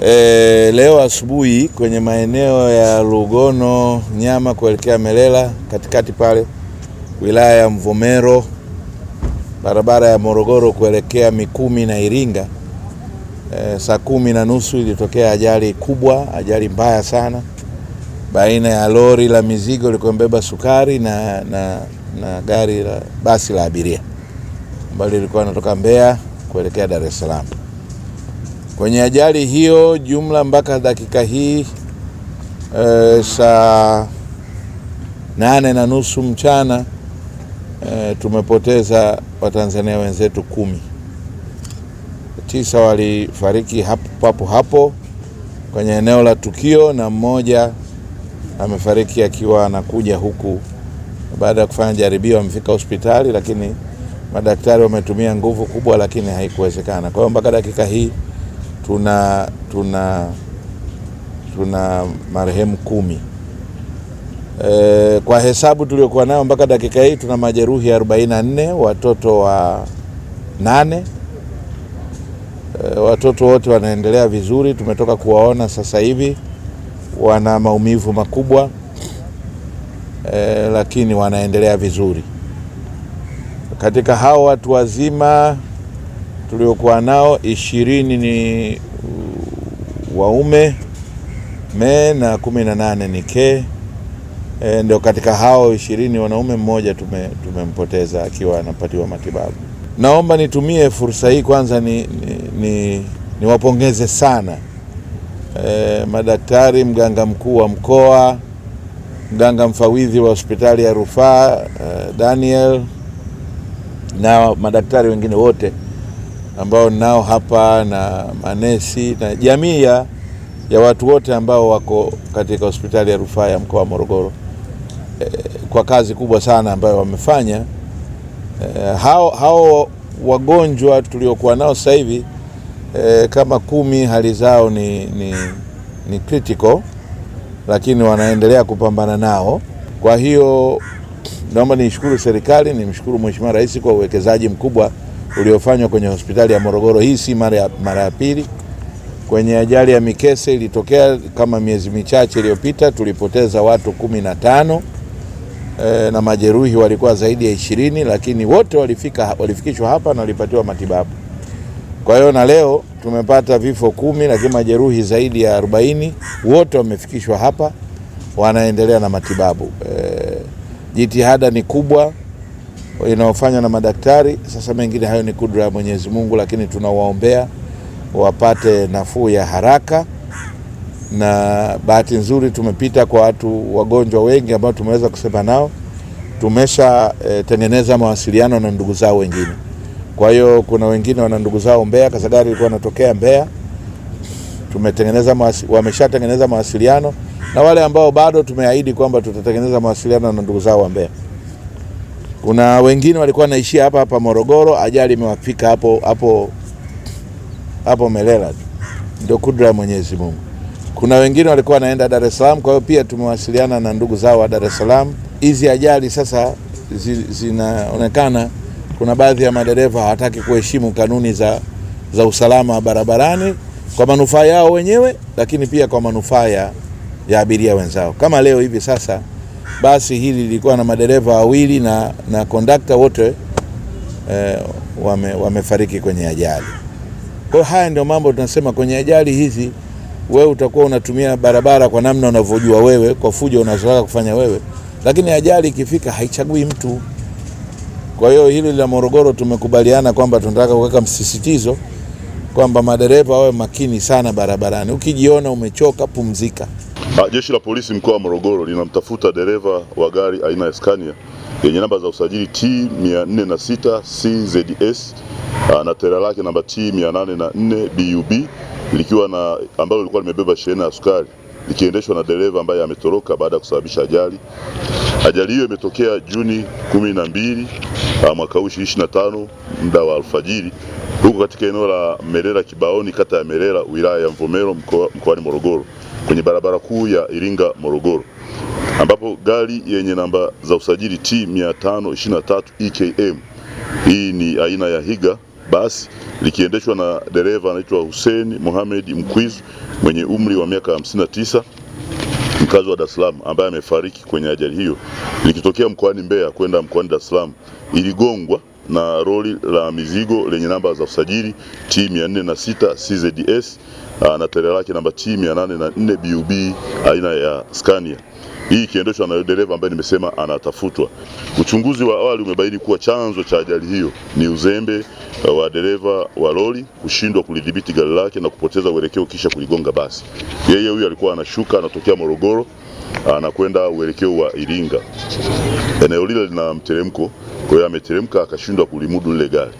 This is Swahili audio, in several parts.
E, leo asubuhi kwenye maeneo ya Lugono Nyama kuelekea Melela katikati pale wilaya ya Mvomero barabara ya Morogoro kuelekea Mikumi na Iringa e, saa kumi na nusu ilitokea ajali kubwa, ajali mbaya sana baina ya lori la mizigo likombeba sukari na, na, na gari la basi la abiria ambalo lilikuwa linatoka Mbeya kuelekea Dar es Salaam. Kwenye ajali hiyo jumla mpaka dakika hii e, saa nane na nusu mchana e, tumepoteza Watanzania wenzetu kumi. Tisa walifariki hapo papo hapo kwenye eneo la tukio na mmoja amefariki akiwa anakuja huku baada ya kufanya jaribio, amefika hospitali, lakini madaktari wametumia nguvu kubwa, lakini haikuwezekana. Kwa hiyo mpaka dakika hii tuna, tuna, tuna marehemu kumi e, kwa hesabu tuliokuwa nayo mpaka dakika hii tuna majeruhi 44 watoto wa nane. E, watoto wote wanaendelea vizuri, tumetoka kuwaona sasa hivi, wana maumivu makubwa e, lakini wanaendelea vizuri. Katika hao watu wazima tuliokuwa nao ishirini ni waume me na kumi na nane ni ke. E, ndio katika hao ishirini wanaume mmoja tumempoteza tume akiwa anapatiwa matibabu. Naomba nitumie fursa hii kwanza niwapongeze ni, ni, ni sana e, madaktari, mganga mkuu wa mkoa, mganga mfawidhi wa hospitali ya rufaa e, Daniel na madaktari wengine wote ambao nao hapa na manesi na jamii ya watu wote ambao wako katika hospitali ya rufaa ya mkoa wa Morogoro e, kwa kazi kubwa sana ambayo wamefanya e, hao, hao wagonjwa tuliokuwa nao sasa hivi e, kama kumi hali zao ni, ni, ni critical lakini wanaendelea kupambana nao. Kwa hiyo naomba niishukuru serikali, nimshukuru Mheshimiwa Rais kwa uwekezaji mkubwa uliofanywa kwenye hospitali ya Morogoro. Hii si mara ya, mara ya pili. Kwenye ajali ya Mikese ilitokea kama miezi michache iliyopita, tulipoteza watu kumi na tano e, na majeruhi walikuwa zaidi ya ishirini, lakini wote walifika, walifikishwa hapa na walipatiwa matibabu. Kwa hiyo na leo tumepata vifo kumi lakini majeruhi zaidi ya arobaini, wote wamefikishwa hapa, wanaendelea na matibabu e, jitihada ni kubwa inayofanywa na madaktari. Sasa mengine hayo ni kudra ya Mwenyezi Mungu, lakini tunawaombea wapate nafuu ya haraka. Na bahati nzuri tumepita kwa watu wagonjwa wengi ambao tumeweza kusema nao, eh, tengeneza mawasiliano na ndugu zao wengine. Kwa hiyo kuna wengine wana ndugu zao Mbeya, Kasagari ilikuwa anatokea Mbeya, tumetengeneza wameshatengeneza mawasiliano na wale ambao bado tumeahidi kwamba tutatengeneza mawasiliano na ndugu zao wa Mbeya. Kuna wengine walikuwa naishia hapa hapa Morogoro, ajali imewafika hapo hapo hapo Melela tu, ndio kudra ya Mwenyezi Mungu. Kuna wengine walikuwa wanaenda Dar es Salaam, kwa hiyo pia tumewasiliana na ndugu zao wa Dar es Salaam. Hizi ajali sasa zinaonekana kuna baadhi ya madereva hawataki kuheshimu kanuni za, za usalama wa barabarani kwa manufaa yao wenyewe, lakini pia kwa manufaa ya abiria wenzao, kama leo hivi sasa basi hili lilikuwa na madereva wawili na, na kondakta wote eh, wame, wamefariki kwenye ajali. Kwa hiyo haya ndio mambo tunasema kwenye ajali hizi, wewe utakuwa unatumia barabara kwa namna unavyojua wewe, kwa fujo unazotaka kufanya wewe, lakini ajali ikifika haichagui mtu. Kwa hiyo hili la Morogoro tumekubaliana kwamba tunataka kuweka msisitizo kwamba madereva wawe makini sana barabarani. Ukijiona umechoka, pumzika. Ah, jeshi la polisi mkoa wa Morogoro linamtafuta dereva wa gari aina ya Scania yenye namba za usajili T 406 CZS na ah, tera lake namba T 804 BUB likiwa na ambalo lilikuwa limebeba shehena ya sukari likiendeshwa na dereva ambaye ametoroka baada ya kusababisha ajali. Ajali hiyo imetokea Juni 12 ah, mwaka huu 25 muda wa alfajiri huko katika eneo la Merera Kibaoni, kata ya Merera, wilaya ya Mvomero, mkoani Morogoro kwenye barabara kuu ya Iringa Morogoro, ambapo gari yenye namba za usajili T 523 EKM, hii ni aina ya Higa basi likiendeshwa na dereva anaitwa Hussein Mohamed Mkwizu mwenye umri wa miaka 59 mkazi wa Dar es Salaam ambaye amefariki kwenye ajali hiyo likitokea mkoani Mbeya kwenda mkoani Dar es Salaam iligongwa na roli la mizigo lenye namba za usajili T 406 CZS ah, na tarehe lake namba T 804 BUB aina ya Scania. Hii ikiendeshwa na dereva ambaye nimesema anatafutwa. Uchunguzi wa awali umebaini kuwa chanzo cha ajali hiyo ni uzembe ah, wa dereva wa lori kushindwa kulidhibiti gari lake na kupoteza uelekeo kisha kuligonga basi. Yeye huyu alikuwa anashuka anatokea Morogoro anakwenda ah, uelekeo wa Iringa. Eneo lile lina mteremko kwa hiyo ameteremka akashindwa kulimudu lile gari,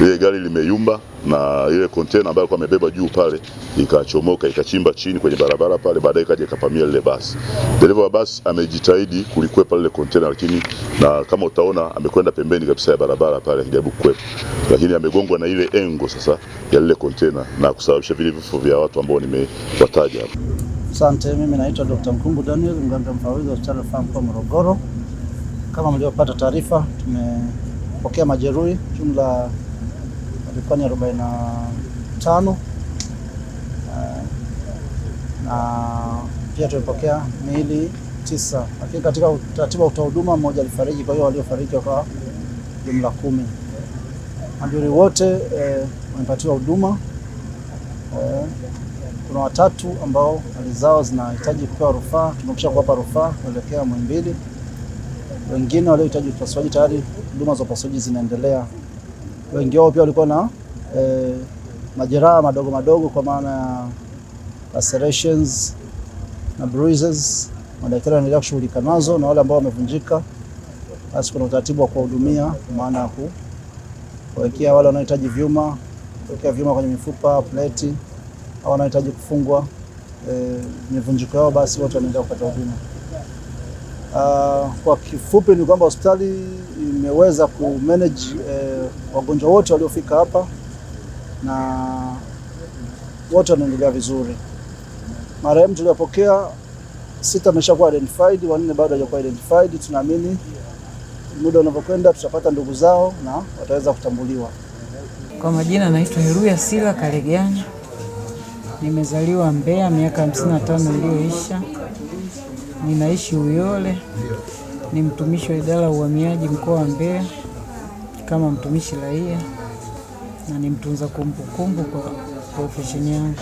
lile gari limeyumba na ile kontena ambayo alikuwa amebeba juu pale ikachomoka ikachimba chini kwenye barabara pale, baadaye ikaja ikapamia lile basi. Dereva wa basi amejitahidi kulikwepa lile kontena, lakini na kama utaona amekwenda pembeni kabisa ya barabara pale akijaribu kukwepa, lakini amegongwa na ile engo sasa ya lile kontena na kusababisha vile vifo vya watu ambao nimewataja Asante. Mimi naitwa Dr. Mkumbu Daniel, mganga mfawidhi wa hospitali ya rufaa mkoa Morogoro. Kama mlivyopata taarifa, tumepokea majeruhi jumla walikuwa ni 45 uh, ah, na pia tumepokea miili tisa, lakini katika utaratibu wa utoa huduma mmoja alifariki, kwa hiyo waliofariki kwa jumla kumi. Majeruhi wote eh, wamepatiwa huduma eh, kuna watatu ambao hali zao zinahitaji kupewa rufaa, tumekisha kuwapa rufaa kuelekea Muhimbili wengine waliohitaji upasuaji tayari huduma za upasuaji zinaendelea. Wengi wao pia walikuwa na e, majeraha madogo madogo kwa maana ya lacerations na bruises, madaktari wanaendelea kushughulika nazo, na wale ambao wamevunjika, basi kuna utaratibu wa kuwahudumia kwa maana ya kuwekea wale wanaohitaji vyuma, kuwekea vyuma kwenye mifupa, pleti, au wanaohitaji kufungwa e, mivunjiko yao, basi wote wanaendelea kupata huduma. Uh, kwa kifupi ni kwamba hospitali imeweza ku manage eh, wagonjwa wote waliofika hapa na wote wanaendelea vizuri. Marehemu tuliopokea sita ameshakuwa identified, wanne bado hawajakuwa identified. Tunaamini muda unavyokwenda tutapata ndugu zao na wataweza kutambuliwa. Kwa majina naitwa Heruya Sila Karegeani, nimezaliwa Mbeya miaka 55 iliyoisha Ninaishi Uyole, ni mtumishi wa idara ya uhamiaji mkoa wa Mbeya kama mtumishi raia na ni mtunza kumbukumbu kwa profesheni yangu.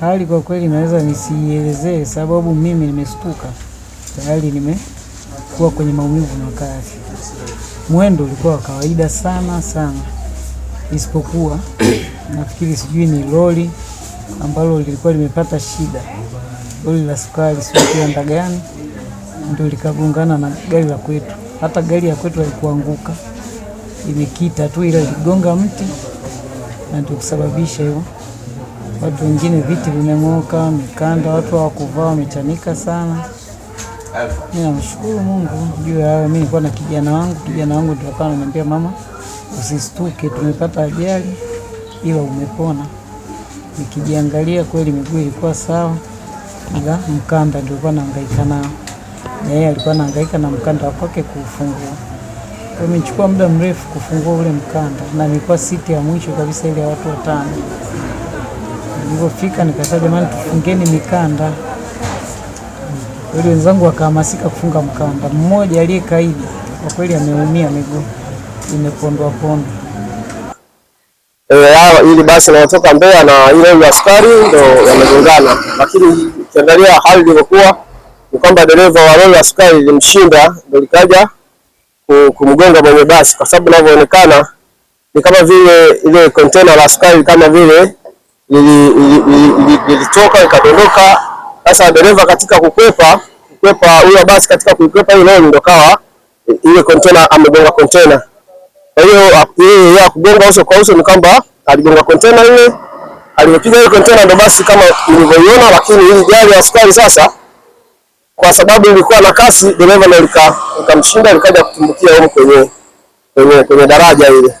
Hali kwa kweli naweza nisielezee, sababu mimi nimestuka tayari, nimekuwa kwenye maumivu makali. Mwendo ulikuwa wa kawaida sana sana, isipokuwa nafikiri sijui ni lori ambalo lilikuwa limepata shida goli la sukari sikienda gani, ndio likagongana na gari la kwetu. Hata gari ya kwetu haikuanguka, imekita tu, ila iligonga mti na ndio kusababisha hiyo. Watu wengine viti vimeng'oka, mikanda, watu hawakuvaa, wamechanika sana. Mimi namshukuru Mungu juu ya hayo. Mimi nilikuwa na kijana wangu, kijana wangu ndio akawa ananiambia, mama, usistuke, tumepata ajali ila umepona. Nikijiangalia kweli miguu ilikuwa sawa kupiga mkanda, ndio alikuwa anahangaika nao, na yeye alikuwa anahangaika na mkanda wa kwake kuufungua. Kwa hiyo imechukua muda mrefu kufungua ule mkanda, na nilikuwa siti ya mwisho kabisa ile ya watu watano. Nilipofika nikasema, jamani, tufungeni mikanda ili wenzangu wakahamasika kufunga mkanda. Mmoja aliyekaidi kwa kweli ameumia miguu imepondwa pondwa. E, eh, ili basi naotoka Mbeya na ile askari ndo yamegongana, lakini Ukiangalia hali ilivyokuwa ni kwamba dereva wa lori la sukari ilimshinda, ndio likaja kumgonga mwenye basi, kwa sababu inavyoonekana ni kama vile ile kontena la sukari kama vile lilitoka ikadondoka. Sasa dereva katika kukwepa kukwepa huyo basi, katika kukwepa hiyo lori ndio kawa ile kontena, amegonga kontena. Kwa hiyo yeye ya kugonga uso kwa uso ni kwamba aligonga kontena ile alipiga hiyo container ndo basi kama ulivyoiona, lakini hii gari ya askari sasa, kwa sababu ilikuwa na kasi, dereva ndo likamshinda likaja kutumbukia huko kwenye kwenye daraja ile.